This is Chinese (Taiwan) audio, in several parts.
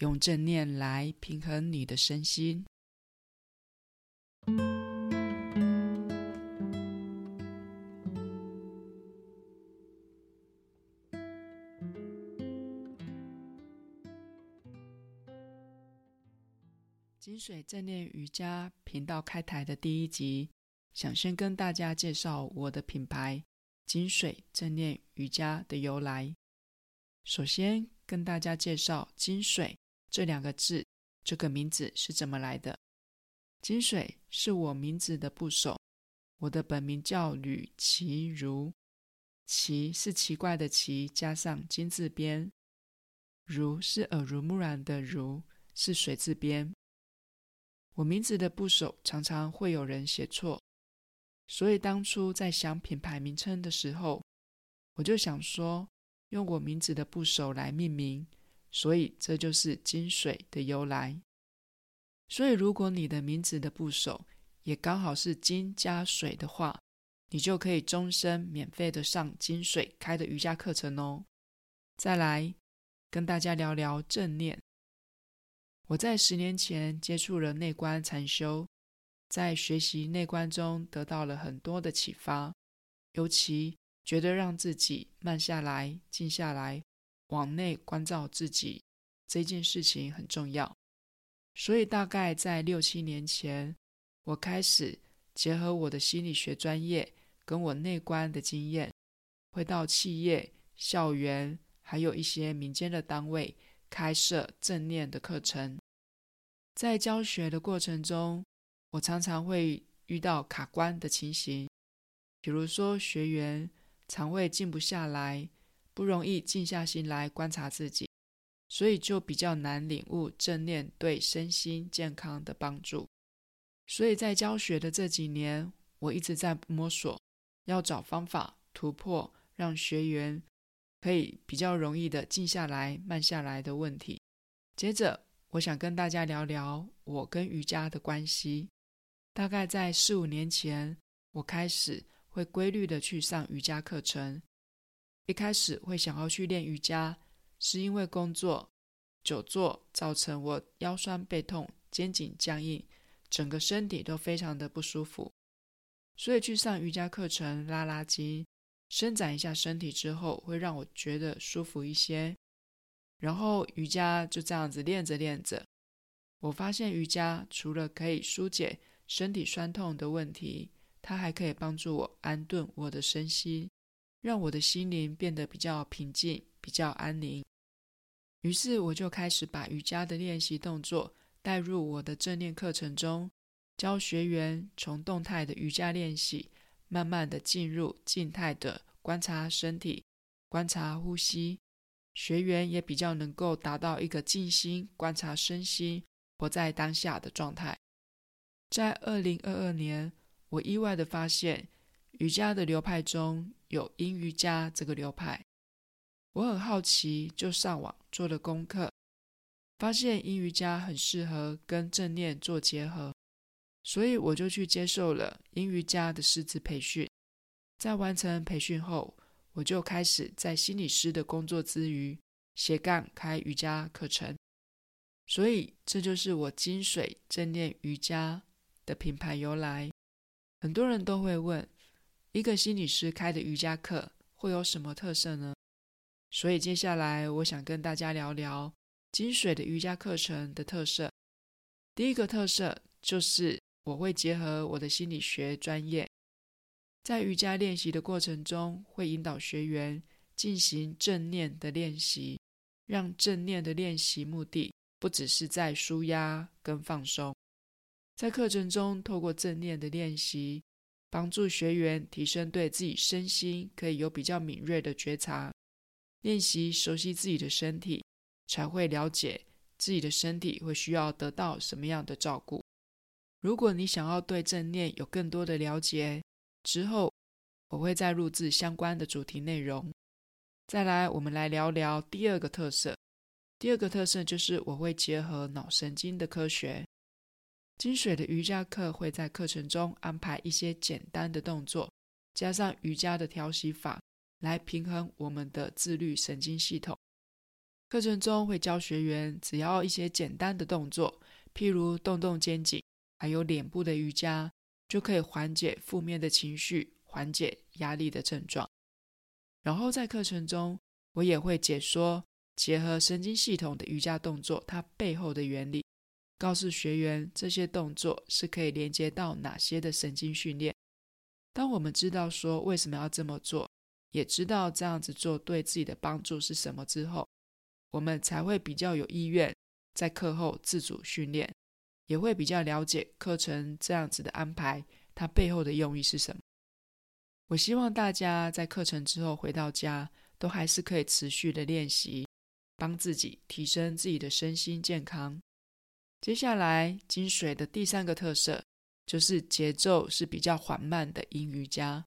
用正念來平衡你的身心。金水正念瑜伽頻道開台的第一集，想先跟大家介紹我的品牌——金水正念瑜伽的由來。首先，跟大家介紹金水這兩個字，這個名字是怎麼來的？金水是我名字的部首。我的本名叫呂錡濡，錡是奇怪的奇，加上金字邊；濡是耳濡目染的濡，是水字邊。我名字的部首常常會有人寫錯，所以當初在想品牌名稱的時候，我就想說用我名字的部首來命名。所以，這就是金水的由來。所以，如果你的名字的部首也剛好是金加水的話，你就可以終身免費的上金水開的瑜伽課程哦。再來，跟大家聊聊正念。我在十年前接觸了內觀禪修，在學習內觀中得到了很多的啟發，尤其覺得讓自己慢下來、靜下來。往內觀照自己這件事情很重要，所以大概在六七年前，我開始結合我的心理學專業跟我內觀的經驗，會到企業、校園，還有一些民間的單位開設正念的課程。在教學的過程中，我常常會遇到卡關的情形，比如說學員常會靜不下來。不容易靜下心來觀察自己，所以就比較難領悟正念對身心健康的幫助。所以在教學的這幾年，我一直在摸索，要找方法突破，讓學員可以比較容易的靜下來、慢下來的問題。接着，我想跟大家聊聊我跟瑜伽的關係。大概在四五年前，我開始會規律的去上瑜伽課程。一開始會想要去練瑜伽，是因為工作久坐造成我腰酸背痛、肩頸僵硬，整個身體都非常的不舒服。所以去上瑜伽課程，拉拉筋、伸展一下身體之後，會讓我覺得舒服一些。然後瑜伽就這樣子練着練着，我發現瑜伽除了可以紓解身體酸痛的問題，它還可以幫助我安頓我的身心。讓我的心靈變得比較平靜，比較安寧。於是，我就開始把瑜伽的練習動作帶入我的正念課程中，教學員從動態的瑜伽練習，慢慢的進入靜態的觀察身體、觀察呼吸。學員也比較能夠達到一個靜心、觀察身心、活在當下的狀態。在二零二二年，我意外的發現，瑜伽的流派中，有陰瑜伽這個流派，我很好奇，就上網做了功課，發現陰瑜伽很適合跟正念做結合，所以我就去接受了陰瑜伽的師資培訓。在完成培訓後，我就開始在心理師的工作之餘，斜槓開瑜伽課程，所以這就是我金水正念瑜伽的品牌由來。很多人都會問。一個心理師開的瑜伽課會有什麼特色呢？所以接下來我想跟大家聊聊金水的瑜伽課程的特色。第一個特色就是我會結合我的心理學專業，在瑜伽練習的過程中，會引導學員進行正念的練習，讓正念的練習目的不只是在舒壓跟放鬆，在課程中透過正念的練習。幫助學員提升對自己身心可以有比較敏銳的覺察，練習熟悉自己的身體，才會了解自己的身體會需要得到什麼樣的照顧。如果你想要對正念有更多的了解，之後我會再錄製相關的主題內容。再來，我們來聊聊第二個特色。第二個特色就是我會結合腦神經的科學。金水的瑜伽課會在課程中安排一些簡單的動作，加上瑜伽的調息法，來平衡我們的自律神經系統。課程中會教學員只要一些簡單的動作，譬如動動肩頸，還有臉部的瑜伽，就可以緩解負面的情緒，緩解壓力的症狀。然後在課程中，我也會解說，結合神經系統的瑜伽動作，它背後的原理。告訴學員，這些動作是可以連接到哪些的神經訓練。當我們知道說為什麼要這麼做，也知道這樣子做對自己的幫助是什麼之後，我們才會比較有意願在課後自主訓練，也會比較了解課程這樣子的安排，它背後的用意是什麼。我希望大家在課程之後回到家，都還是可以持續的練習，幫自己提升自己的身心健康。接下來，金水的第三個特色就是節奏是比較緩慢的陰瑜伽。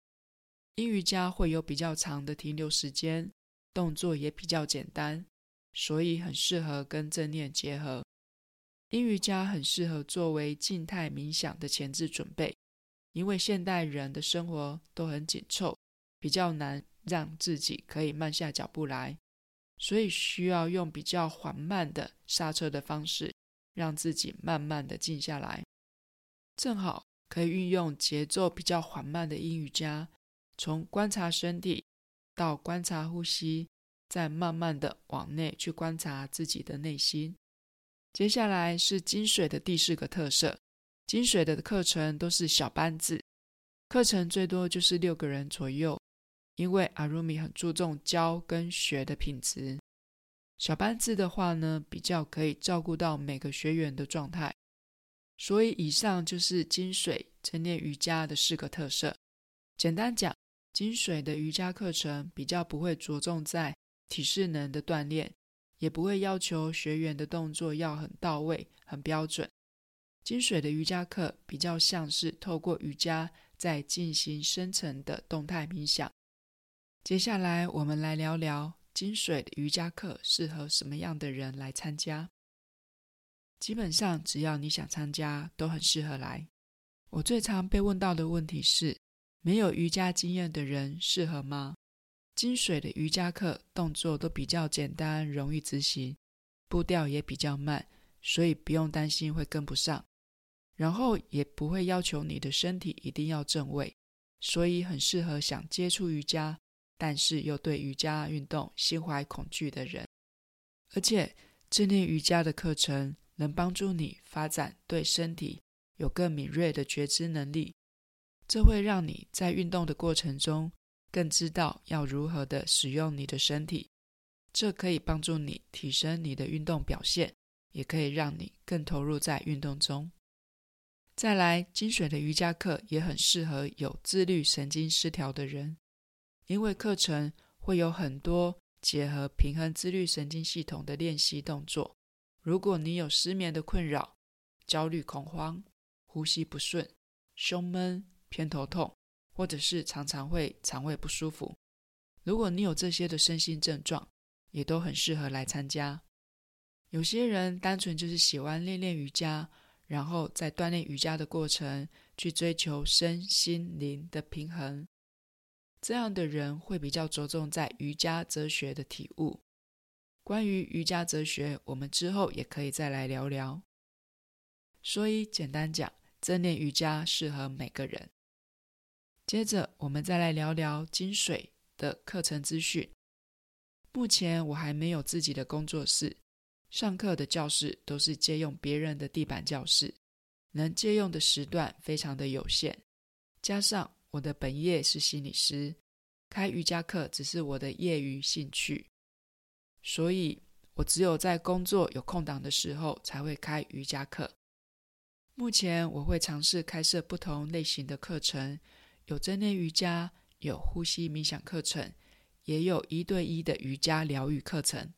陰瑜伽會有比較長的停留時間，動作也比較簡單，所以很適合跟正念結合。陰瑜伽很適合作為靜態冥想的前置準備，因為現代人的生活都很緊湊，比較難讓自己可以慢下腳步來，所以需要用比較緩慢的剎車的方式。讓自己慢慢的靜下來，正好可以運用節奏比較緩慢的陰瑜伽，從觀察身體到觀察呼吸，再慢慢的往內去觀察自己的內心。接下來是金水的第四個特色，金水的課程都是小班制，課程最多就是六個人左右，因為阿如米很注重教跟學的品質。小班制的話呢，比較可以照顧到每個學員的狀態。所以，以上就是金水正念瑜伽的四個特色。簡單講，金水的瑜伽課程比較不會着重在體適能的鍛鍊，也不會要求學員的動作要很到位、很標準。金水的瑜伽課比較像是透過瑜伽在進行深層的動態冥想。接下來，我們來聊聊。金水的瑜伽課適合什麼樣的人來參加？基本上，只要你想參加，都很適合來。我最常被問到的問題是，沒有瑜伽經驗的人適合嗎？金水的瑜伽課動作都比較簡單，容易執行，步調也比較慢，所以不用擔心會跟不上。然後也不會要求你的身體一定要正位，所以很適合想接觸瑜伽。但是又對瑜伽運動心懷恐懼的人，而且正念瑜伽的課程能幫助你發展對身體有更敏銳的覺知能力，這會讓你在運動的過程中更知道要如何的使用你的身體，這可以幫助你提升你的運動表現，也可以讓你更投入在運動中。再來，金水的瑜伽課也很適合有自律神經失調的人。因為課程會有很多結合平衡自律神經系統的練習動作。如果你有失眠的困擾、焦慮、恐慌、呼吸不順、胸悶、偏頭痛，或者是常常會腸胃不舒服，如果你有這些的身心症狀，也都很適合來參加。有些人單純就是喜歡練練瑜伽，然後在鍛鍊瑜伽的過程去追求身心靈的平衡。這樣的人會比較着重在瑜伽哲學的體悟。關於瑜伽哲學，我們之後也可以再來聊聊。所以，簡單講，正念瑜伽適合每個人。接着，我們再來聊聊金水的課程資訊。目前我還沒有自己的工作室，上課的教室都是借用別人的地板教室，能借用的時段非常的有限，加上。我的本業是心理師，開瑜伽課只是我的業餘興趣，所以我只有在工作有空檔的時候才會開瑜伽課。目前我會嘗試開設不同類型的課程，有正念瑜伽，有呼吸冥想課程，也有一對一的瑜伽療癒課程。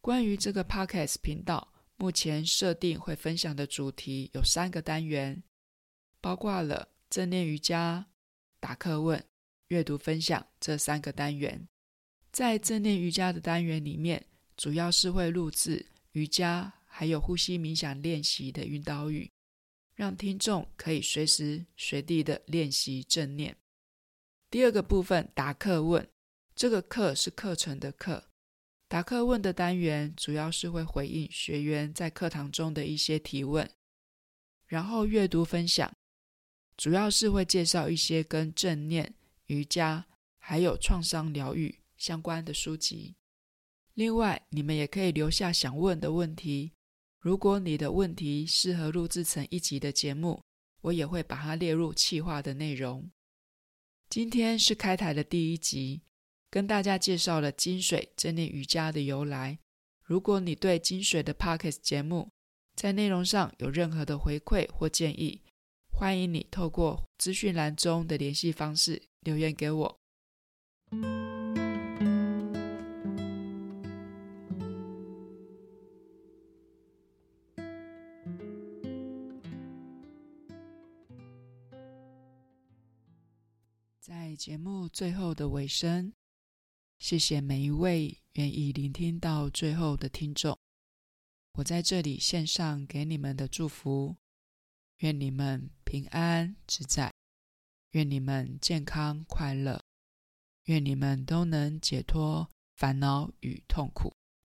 關於這個 Podcast 頻道，目前設定會分享的主題有三個單元，包括了。正念瑜伽、答課問、閱讀分享這三個單元。在正念瑜伽的單元裡面，主要是會錄製瑜伽還有呼吸冥想練習的引導語，讓聽眾可以隨時隨地的練習正念。第二個部分答課問，這個課是課程的課。答課問的單元主要是會回應學員在課堂中的一些提問，然後閱讀分享。主要是會介紹一些跟正念瑜伽還有創傷療癒相關的書籍。另外，你們也可以留下想問的問題。如果你的問題適合錄製成一集的節目，我也會把它列入企劃的內容。今天是開台的第一集，跟大家介紹了金水正念瑜伽的由來。如果你對金水的 Podcast 節目在內容上有任何的回饋或建議，歡迎你透過資訊欄中的聯繫方式留言給我。在節目最後的尾聲，謝謝每一位願意聆聽到最後的聽眾。我在這裡獻上給你們的祝福，願你們，平安自在，願你們健康快樂，願你們都能解脫煩惱與痛苦。